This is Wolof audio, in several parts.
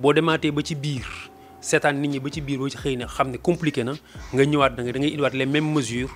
Si vous ba ci biir seetaan nit ñi ba ci compliqué les mêmes mesures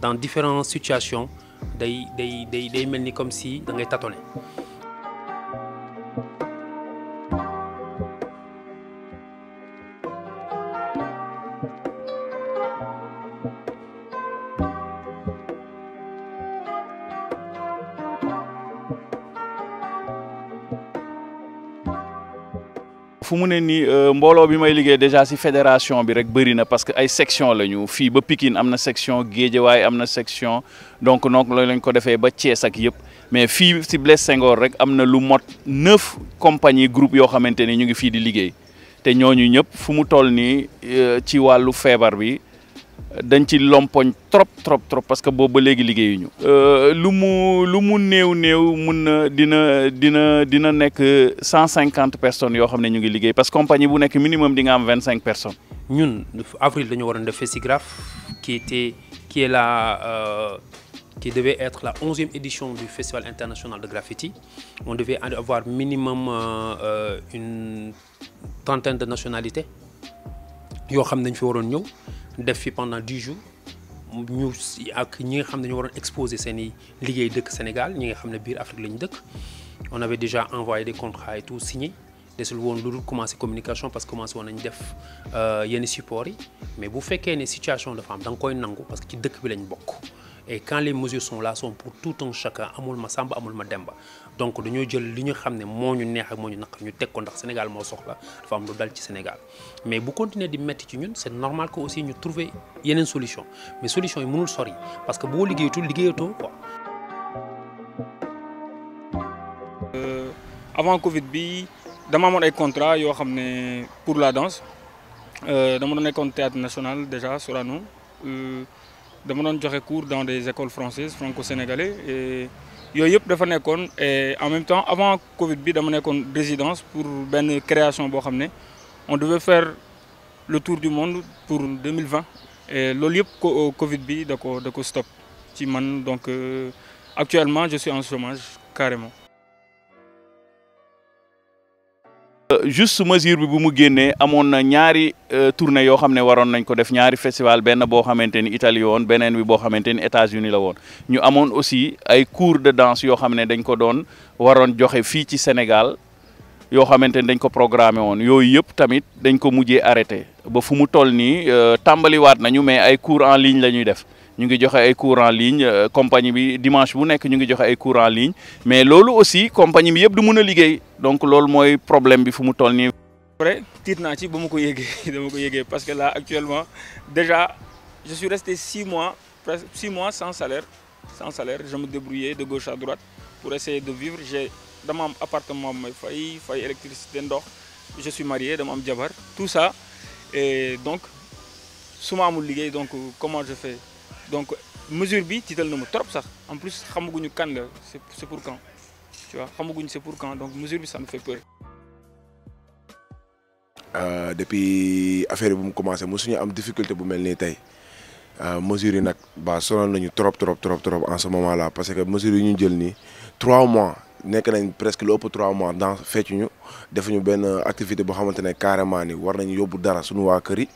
dans différentes situations comme si da ngay tâtonner fu mu ne nii euh, mbooloo bi may liggéey déjà ci fédération bi rek bëri na parce que ay section la ñu fii ba Pikine am section Guédiawaye am na section donc donc loolu lañ ko defee ba Thiès ak yëpp mais fii ci Blaise Senghor rek am na lu mot neuf compagnie groupe yoo xamante ñu ngi fii di liggéey te ñooñu ñëpp fu toll nii euh, ci wàllu feebar bi dañ ci lompoñ trop trop trop parce que boobu ba léegi liggéeyuñu. Euh, lu mu lu mu néew néew mun na dina dina dina nekk 150 personnes yoo xam ne ñu ngi liggéey parce que compagnie bu nekk minimum di nga am 25 personnes. ñun avril dañu waroon def Festigraph qui était qui est la euh, qui devait être la 11 11e édition du Festival international de graffiti on devait avoir minimum euh, une trentaine de nationalités yoo xam ne fi waroon ñëw avons fait pendant 10 jours nous avons exposé ñi nga xam Sénégal ñi nga xam on avait déjà envoyé des contrats et tout signé Nous avons commencé la commencé communication parce que nous avons nañ def euh, yenn support yi mais bu a une situation de femme dans quoi, koy nangu parce que ci dëkk bi et quand les mesures sont là sont pour tout un chacun amul ma Samba amul ma Demba donc dañoo jël li ñu xam ne ñu neex ak moo ñu naqar ñu teg ko ndax Sénégal mo soxla dafa am lu dal ci Sénégal mais bu continuer di metti ci ñun c'est normal que aussi ñu trouver yeneen solution mais solution yi mënul sori parce que tout, liggéeyatul liggéeyatoo quoi. Euh, avant Covid bi dama amone ay contrat yo xamné pour la danse euh, dama doon nekkoon théâtre national déjà euh, dama doon des cours dans des écoles françaises franco-sénégalais et yooyu dafa nekkoon et en même temps avant Covid bi dama une résidence pour ben création bo xamné on devait faire le tour du monde pour 2020 et loolu yëpp euh, Covid bi dako la stop ci donc euh, actuellement je suis en chômage carrément Euh, juste mesure bi bu mu génnee amoon na ñaari euh, tournée yo xamné waron nañ ko def ñaari festival benn bo xamante ni Italie woon beneen bi bo xamante États-Unis la won ñu amoon aussi ay cours de danse yo xamné dañ ko don waron joxé fi ci Sénégal yo xamante ni dañ ko programmé won yoy yëpp tamit dañ ko mujjé arrêté ba fu mu toll euh, tambali wat nañu mais ay cours en ligne lañuy def nous ngi joxe cours en ligne euh, compagnie dimanche bu nekk ñu ngi cours en ligne mais loolu aussi compagnie bi yëpp du mun a donc loolu mooy problème bi fu mu toll je vrai tiit naa ci ba ko dama ko parce que là actuellement déjà je suis resté six mois presque six mois sans salaire sans salaire je me débrouillais de gauche à droite pour essayer de vivre j'ai dama am appartement may fay fay électricité ndox je suis marié dama am jabar tout ça et donc je suis donc comment je fais donc mesure bi titel na trop sax en plus xamaguñu kan c'est pour quand tu vois xamaguñu c'est pour quand donc mesure bi ça me fait peur. Euh, depuis affaire bi bu commencé, commencé mosuñu am difficulté bu mel nii tey euh, mesures yi ba sonal nañu trop trop trop trop en ce moment là parce que mesures yi ñu jël nii trois mois nek nañ presque lu 3 mois dans feccuñu defuñu ben activité bo xamante carrément ni war nañ yóbbu dara suñu wa kër yi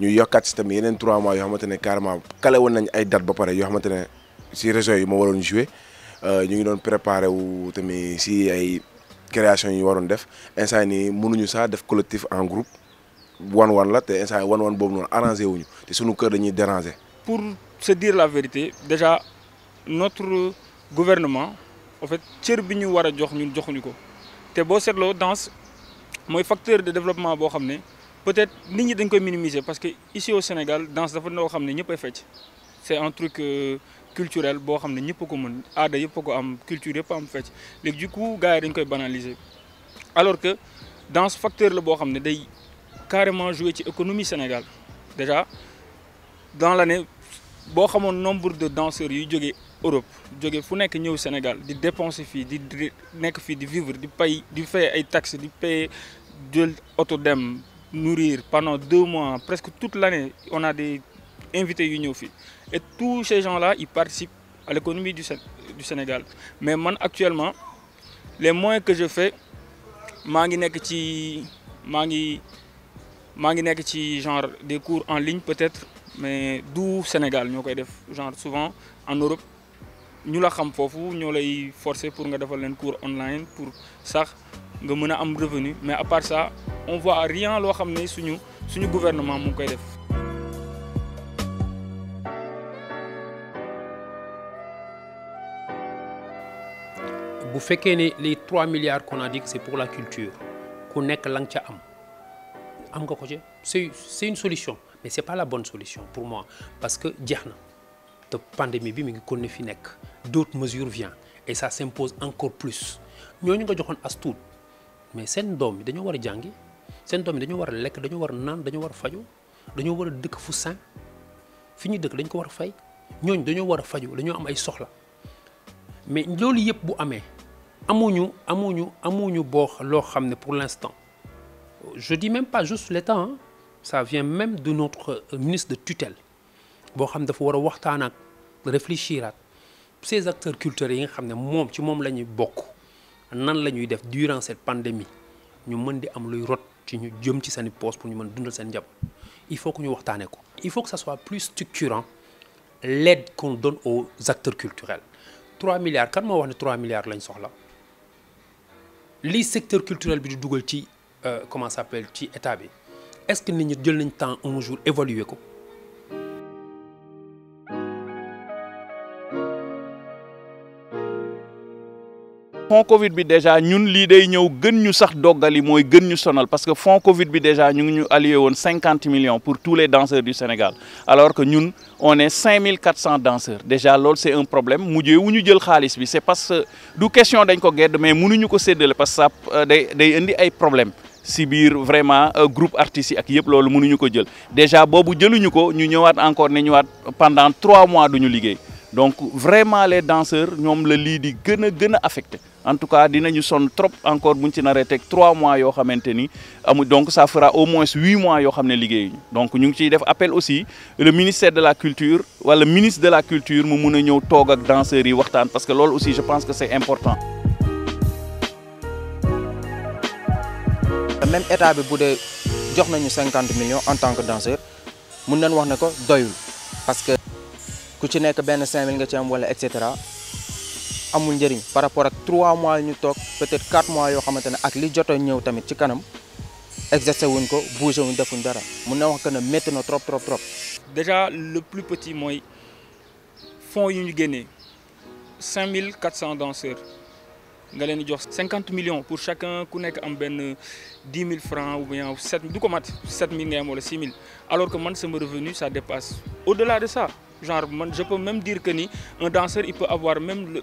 ñu yokkat ci tamit yeneen 3 mois yo xamante carrément kale woon nañ ay date ba paré yo xamante ci si yi mo waroon jouer euh ñu ngi doon préparer wu tamit ci ay création yi waroon def instant ni mënuñu sax def collectif en groupe wan wan la té instant wan wan bobu non arrangé wuñu té suñu kër dañuy déranger. pour se dire la vérité déjà notre gouvernement en fait cër bi ñu war jox ñun joxuñu ko té bo seetloo danse moy facteur de développement bo xamné peut-être nit ñi dañ koy minimiser parce que ici au Sénégal danse dafa noo xamné ne ñëpp fecc c'est un truc euh, culturel bo xamné ne ñëpp ko mën aada yëpp ko am culture yëpp am fecc léegi du coup gars yi dañ koy banaliser alors que danse facteur le bo xamné day carrément jouer ci économie Sénégal déjà dans l'année bo xamone nombre de danseurs yu joggé Europe que fu nek au Sénégal di dépenser fi di vivre di des di faire ay taxes di payer de auto nourrir pendant deux mois presque toute l'année on a des invités yu ñew et tous ces gens là ils participent à l'économie du Sénégal mais man actuellement les moins que je fais je ngi ci genre des cours en ligne peut-être mais d'où Sénégal genre souvent en Europe nous la xam nous faire forcer pour nga defal cours online pour que nous ayons revenu mais à part ça on ne voit rien à ce que suñu suñu gouvernement mu ngi koy def. les 3 milliards qu'on a dit que c'est pour la culture ku nekk la nga c'est une solution mais ce n'est pas la bonne solution pour moi parce que jeex la pandémie bi mi ngi fi d'autres mesures viennent et ça s'impose encore plus ñooñu nga joxoon as tout, mais seen doom yi dañoo war a jàngi seen doom yi dañoo war a lekk dañoo war a naan dañoo war a faju dañoo war dañ ko wara fay ñoñ dañoo wara a faju dañoo am ay soxla mais loolu yëpp bu amee amuñu amuñu amuñu boo loo xam ne pour l'instant je dis même pas juste l'État hein. ça vient même de notre euh, ministre de tutelle boo xam dafa war a waxtaan ak Réfléchir à ces acteurs culturels yi nga xam ne ci mom lañuy bok nan lañuy def durant cette pandémie ñu mën di am luy rot ci ñu jëm ci seen poste pour ñu mën dundal seen il faut que ñu waxtane ko. il faut que ça soit plus structurant l'aide qu'on donne aux acteurs culturels 3 milliards kan mo wax ni 3 milliards lañ soxla li secteur culturel bi di duggal ci euh, comment ça s'appelle ci état bi est-ce que nit ñi jël nañ temps un jour évaluer ko. fond Covid bi déjà ñun li day ñëw gën ñu sax dogali moy gën ñu sonal parce que fond Covid bi déjà ñu ngi ñu alloué woon millions pour tous les danseurs du Sénégal alors que ñun on est 5400 danseurs déjà lool c'est un problème mu wu ñu jël xaalis bi c'est parce que du question dañ ko gedd mais ñu ko sédel parce que ça euh, day day indi ay problèmes. si biir vraiment euh, groupe artistes yi ak yëpp loolu ñu ko jël déjà bobu jëluñu ko ñu ñëwaat encore ne ñëwaat pendant trois mois duñu liggéey donc vraiment les danseurs ñom le lii di gëna gëna affecté en tout cas nous sommes trop encore buñ ci trois mois yo xamante donc ça fera au moins huit mois yo xam ne donc nous ngi def appel aussi le ministère de la culture ou le ministre de la culture mu mun a tog ak danseurs yi parce que là aussi je pense que c'est important. même état bi bu jox nañu 50 millions en tant que danseur mun nañ wax ne ko doyul parce que ku ci nek ben cinq mille nga ci am wala et cetera par rapport à 3 mois peut-être 4 mois yoo xamante ak li ñëw tamit ci kanam wuñ ko bougé dara que ne métti trop trop déjà le plus petit mooy fonds yu ñu 5400 danseurs nga 50 millions pour chacun ku nekk am 10 000 francs ou bien 7 000. ko mat 7000 ngay am wala alors que man revenu ça dépasse au-delà de ça. je peux même dire que ni un danseur il peut avoir même le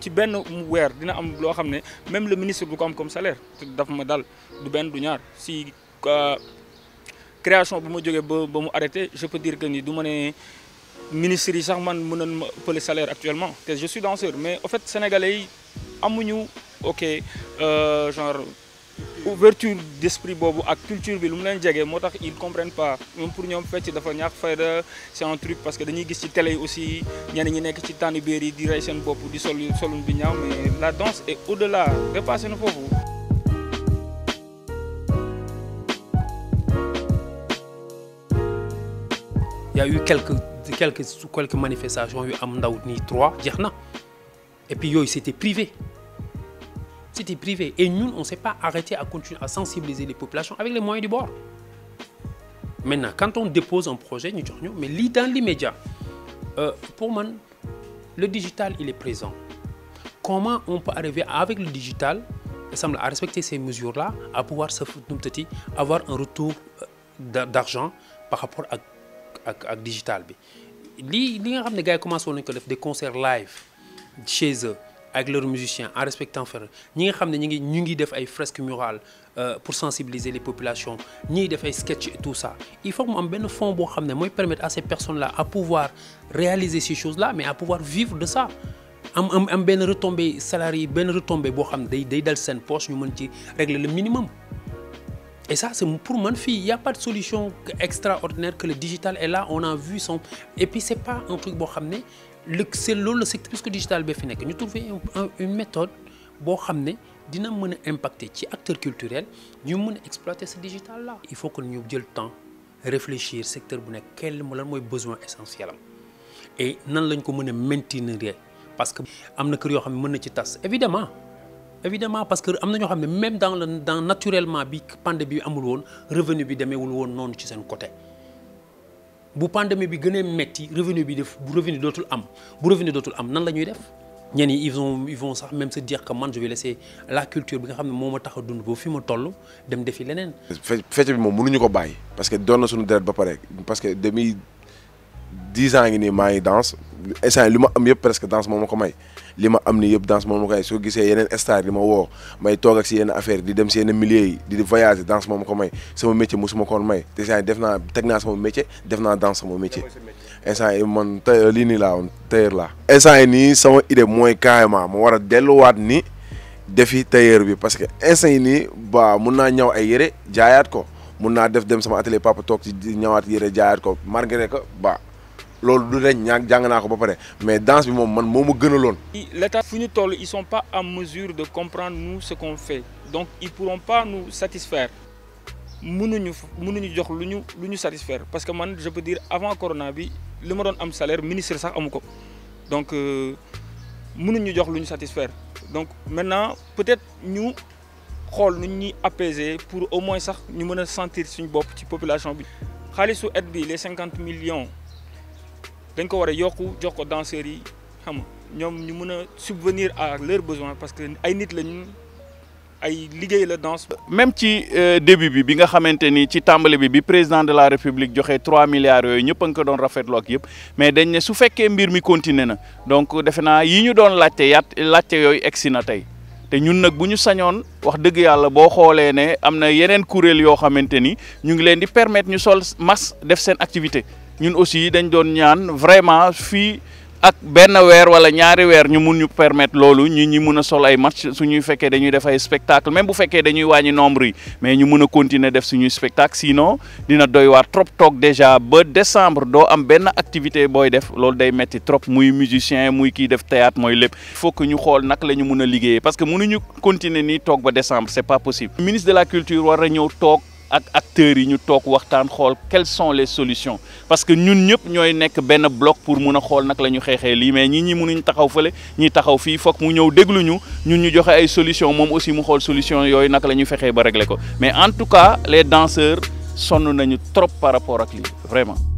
ci benn weer dina am loo xam même le ministre du ko am comme salaire te daf ma dal du Ben du ñaar si euh, création bu ma jógee ba ba mu arrêté je peux dire que ni du mané ne ministre sax man mën nañ salaire actuellement que je suis danseur mais en fait sénégalais yi amuñu ok euh, genre ouverture d'esprit bobu ak culture bi lum mu leen jege ils comprennent pas même pour ñom fecc dafa ñaax fayda c'est un truc parce que dañuy gis ci télé aussi ñenn ñi nekk ci tanu beer yi di rey seen bopp di sol solun bi ñaaw mais la danse est au-delà dépassé na il y a eu quelques quelques quelques manifestations yu am ndaw nii trois jeex et puis yooyu c'était privé c'était privé. Et nous, on ne s'est pas arrêté à continuer à sensibiliser les populations avec les moyens du bord. Maintenant, quand on dépose un projet, nous disons, mais dans l'immédiat, euh, pour moi, le digital, il est présent. Comment on peut arriver avec le digital, semble, à respecter ces mesures-là, à pouvoir se avoir un retour euh, d'argent par rapport à, à, à digital. Les gens commencent à faire des concerts live chez eux, avec leurs musiciens en respectant faire ñi nga nous faisons des fresques murales euh, pour sensibiliser les populations Nous faisons des sketch et tout ça il faut que nous am un fonds qui permette à ces personnes là à pouvoir réaliser ces choses là mais à pouvoir vivre de ça Un am retombé salarié benn retombée retombé xam ne dal régler le minimum Et ça, c'est pour moi, il n'y a pas de solution extraordinaire que le digital est là, on a vu son... Et puis, ce n'est pas un truc, bon, c'est loolu le secteur digital bi fini. nekk ñu trouver une méthode pour ramener ne dina mën impacter ci acteurs culturels ñu mën exploiter ce digital là. il faut que ñu jël temps réfléchir secteur bu nekk quel lan mooy besoin essentiel am et nan lañ ko mën maintenir parce que am curieux kër yoo xam ne ci tas évidemment évidemment parce que am na ñoo même dans le dans naturellement bi pandémie bi amul woon revenu bi demeewul woon non ci côté bu pandémie bi gënee metti revenu bi def revenu am bu revenu am nan lañuy ils vont ils vont même se dire que je vais laisser la culture bi nga xamne moma dund bo fi ma dem defi lenen parce que suñu dix ans ngi nii maa ngi danse instant li ma am yëpp presque danse moo ma ko may li ma am ni yëpp danse moom ma ko soo gisee yeneen star di ma woo may toog ak si yenn affaire di dem si yenn milieu yi di voyager danse moom ma ko may sama métier mosuma koon may te instant def naa teg naa sama métier def naa danse sama métier instant yi man tailleur lii nii laa woon tailleur laa instant yi nii sama idée mooy carrément ma war a delluwaat ni defi tailleur bi parce que instant yi nii ba mun naa ñaw ay yére jaayaat ko mun naa def dem sama atelier papa toog ci ñawaat yére jaayaat ko malgré que ba C'est du dañ ñaa jàng ko ba pare mais danse bi moom man moo ma l'état fu toll ils sont pas en mesure de comprendre nous ce qu'on fait donc ils ne pourront pas nous satisfaire mënuñu mënuñu jox pas nous satisfaire parce que man je peux dire avant corona bi li ma am salaire ministre sax amu donc euh, mënuñu jox lu ñu satisfaire donc maintenant peut-être ñu nous nu nous apaiser pour au moins sax ñu mën sentir suñu bopp ci population bi xaalisu aide bi les 50 millions dañ ko war a yokku jox ko danseur yi xam nga ñoom ñu mën a subvenir à leurs besoins parce que ay nit lañu ay liggéey la danse. même ci euh, début bi bi nga xamante ni ci tàmbali bi bi président de la république joxe 3 milliards yooyu ñëpp a nga ko doon rafetlu ak yëpp mais dañ ne su fekkee mbir mi continuer na donc defe naa yi ñu doon laajte yat laajte yooyu egsi na tey te ñun nag bu ñu sañoon wax dëgg yàlla boo xoolee ne am na yeneen kuréel yoo xamante ni ñu ngi leen di permettre ñu sol mas def seen activité ñun aussi dañ doon ñaan vraiment fii ak benn weer wala ñaari weer ñu mun ñu permettre loolu ñi ñi mun a sol ay match suñuy fekkee dañuy def ay spectacle même bu fekkee dañuy wàññi nombre yi mais ñu mun a continuer def suñuy spectacle sinon dina doy waar trop toog déjà ba décembre doo am benn activité booy def loolu day metti trop muy musicien muy ki def théâtre mooy lépp il faut que ñu xool nag la ñu mun a liggéeyee parce que mënuñu continuer nii toog ba décembre c'est pas possible ministre de la culture war a ñëw toog ak acteurs yi ñu toog waxtaan xool quelles sont les solutions parce que ñun ñëpp ñooy nekk ben bloc pour mon a nak nag la ñu xeexee lii mais ñii ñi mënuñ taxaw fële ñi taxaw fii faut mu nous déglu ñu ñun ñu joxe ay solution moom aussi mu xool solution yooyu nak la ñu fexee ba régler ko mais en tout cas les danseurs sonn nañu trop par rapport ak lii vraiment